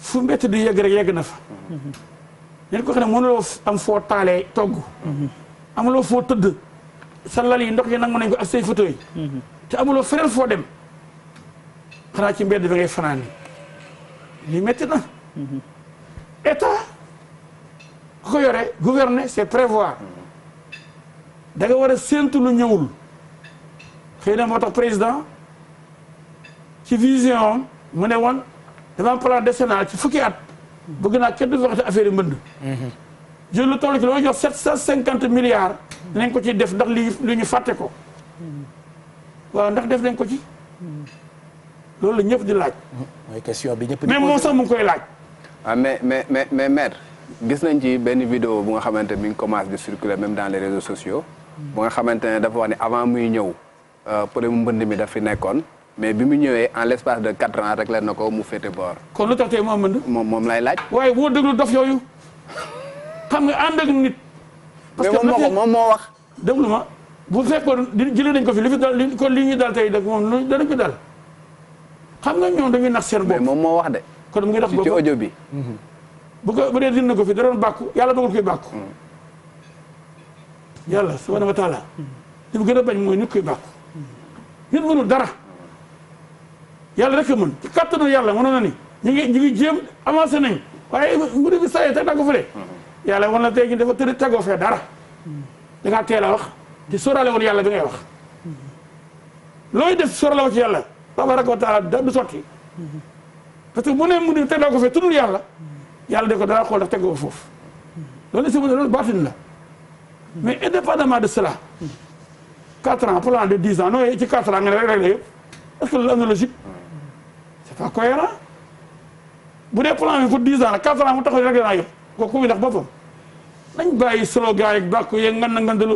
fu mbett di yegg rek yegg na fa nit ko xam ne mënuloo am foo taalee togg amuloo foo tëdd sa lal yi ndox yi nangu nañ ko ak say photo te amuloo feneen foo dem xanaa ci mbedd bi ngay fanaan li metti na état ku ko yore gouverner c'est prévoir danga war a séentu lu ñëwul xëy na moo tax président ci vision mu ne woon dafa am plan décennal ci fukki at bëgg naa kenn du fi waxati affaire yi mbënd jël lu toll ci la ma jox sept cent cinquante milliards dinañ ko ci def ndax li li ñu fàtte ko waaw ndax def nañ ko ci loolu ñëpp di laaj mooy question bi ñëpp di mais moom sax mu koy laaj ah mais mais mais mais gis nañ ci benn vidéo bu nga xamante mi ngi commence di circuler même dans les réseaux sociaux bu nga xamante ne dafa wax ne avant muy ñëw euh, problème mu mbënd mi daf fi nekkoon mais bi mu ñëwee en l' espace de quatre ans rek la na ko mu féete boor. kon lu tax tey moo mën. moom moom lay waaye boo déglu dof yooyu xam nga ànd ak nit. parce que moom moom moo wax. déglu ma bu fekkoon jëlee nañ ko fi li fi dal li kon li ñu dal tey de moom lu danañ ko dal xam nga ñoom dañuy nax seen bopp. moom moo wax de. kon mu ngi dox boppam ci audio bi. Mhm. bu ko bu dee dindi ko fi da doon bàkku yàlla dogal koy bàkku. Mm. yàlla subhanahu wa taala li gën a bañ mooy nit koy bàkku nit mënul dara. yàlla rek a ci kattanu yàlla mënoon na ñu ngi ñu ngi jéem avancé nañ waaye mbir na yàlla wan la tey jii dafa dara da ngaa a wax te sóoraale woon yàlla bi ngay wax def sóoraale woon ci yàlla tabaraka wa taala da que mu ne mu ne teg na ko fee tuddul yàlla yàlla de ko dara xool ndax teg ko foofu loolu si mu ne loolu baatin la mais indépendamment de cela quatre ans plan de dix ans non ci quatre ans nga ne rek rek la yëpp est que loolu am na c'est pas cohérent bu dee plan bi pour 10 ans la 4 ans mu taxaw rek danaa yëpp kooku muy ndax boppam nañ bàyyi slogan yeeg bàkku yeeg ngan na ngan dalu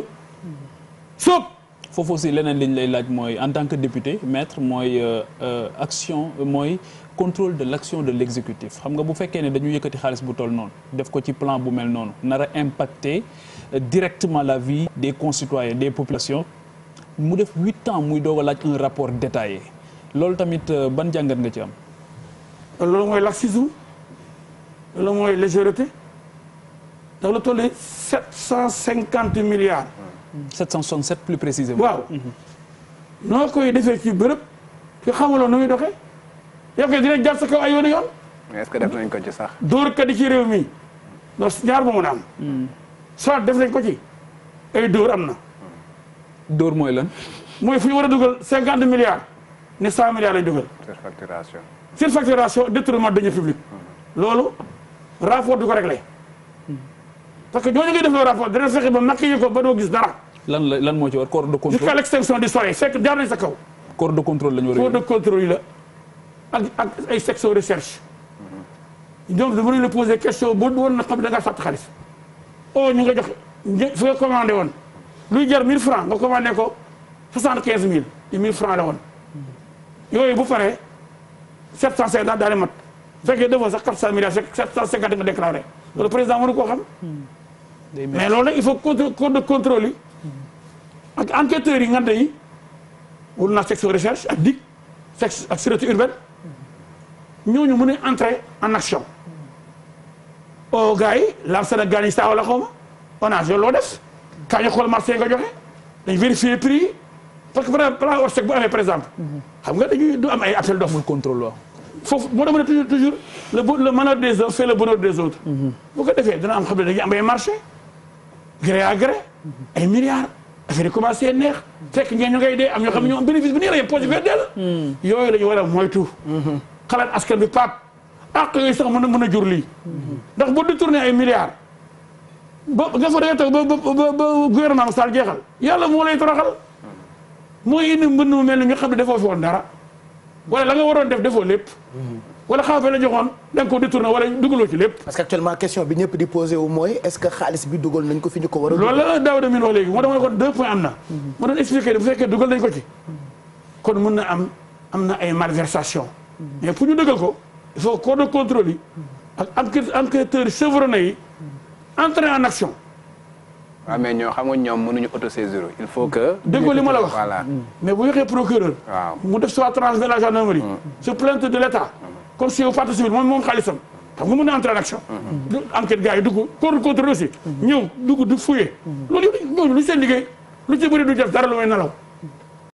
soob foofu aussi leneen lañ lay laaj mooy en tant que député maître mooy euh, euh, action euh, mooy contrôle de l'action de l'exécutif xam nga bu fekkee ne dañu yëkkati xaalis bu toll noonu def ko ci plan bu mel noonu nar a impacter directement la vie des concitoyens des populations mu def huit ans muy doog a laaj un rapport détaillé loolu tamit euh, ban jàngat nga ci am. loolu mooy laxisme loolu mooy légèreté ndax lu toll nii sept cent cinquante milliards. sept cent soixante sept plus précisément. waaw mhm. noo koy defee ci bërëb yoo xamuloo nu muy doxee yow kay dina jaar sa kaw ay yoon yoon. mais est-ce que def nañ ko ci sax. dóorkat yi ci réew mi loolu ñaar moomu na am. Mhm. soit def nañ ko ci ay dóor am na. dóor mooy lan. mooy fu ñu war a dugal cinquante milliards. ne 100 milliards lañ dugal. surfacturation. surfacturation détournement de deniers publics. Mm-hmm. loolu rapport du ko réglé. Mm-hmm. parce que ñooñu ngay def loolu rapport dina fexe ba maquillé ko ba doo gis dara. lan la lan moo ci war corps de contrôle jusqu'à l'extinction du soleil sa kaw. corps de contrôle la yi la ak ak ay section recherche. ñoom mm-hmm. dafa leen poser question bu woon na xam da ngaa sàtt xaalis. oh ñu nga jox fi nga commandé woon luy jar 1000 francs nga commandé ko 75000 te 1000 francs la woon. yooyu bu paree 750 daal di mat bu fekkee defoo sax 400 milliards 750 nga déclaré loolu président mënu koo xam. mais loolu nag il faut corps de contrôle yi ak enquêteurs yi nga yi wut naa recherche ak DIC section ak sûreté urbaine ñooñu mën a entrer en action. oo gars yi laal Sénégal yi saa wala xaw ma on loo def. kañu xool marché nga joxe dañ vérifier prix parce que plan plan Orsec bu amee par exemple. xam nga dañuy du am ay appel d'offres. amul contrôle waaw. foofu moo dama ne toujours toujours le bon le malheur des uns fait le bonheur des autres. Mhm. bu ko defee dina am xam ne dañuy am ay marché gré à gré. ay milliards. affaire yi commencé neex. fekk ñee ñu ngay dee am ñoo xam ne ñoo am bénéfice bu nii la yem poche bi dee la. Mhm. yooyu la ñu war a moytu. Mhm. xalaat askan bi paap. àq yooyu sax mën a mën a jur lii. ndax boo détourné ay milliards. ba nga fa dee toog ba ba ba gouvernement Sall jeexal yàlla moo lay toroxal. mooy indi mbënd mu mel ni nga xam ne defoo fi woon dara wala la nga waroon def defoo lépp wala xaalis la joxoon da nga ko détourné wala dugaloo ci lépp parce que actuellement question bi ñëpp di posé wu mooy est ce que xaalis bi dugal nañ ko fi ñu ko war a loolu la daaw da min wax léegi moo tax ma ne kon deux points am na mhm. ma doon expliqué ne bu fekkee dugal nañ ko ci kon mun na am am na ay malversation mhm. mais pour ñu dëggal ko il faut corps de contrôle mhm. yi ak enquêteurs chevronnés yi entrer en action waaw ah, mais ñoo xam nga ñoom mënuñu auto-saisir il faut que. dégg ma la wax voilà. mais bu yëgee procureur. waaw mu def soit transfert de la gendarmerie. Mm. se plainte de l' état. comme si yow partie civile moom moom xaalisam. xam nga mën na entrer en action. Mm-hmm. enquête gars yi dugg contre contre aussi. Mm-hmm. ñëw dugg du fouillé. Mm-hmm. loolu yëpp ñooñu seen liggéey lu ci bëri du def dara lu may nelaw.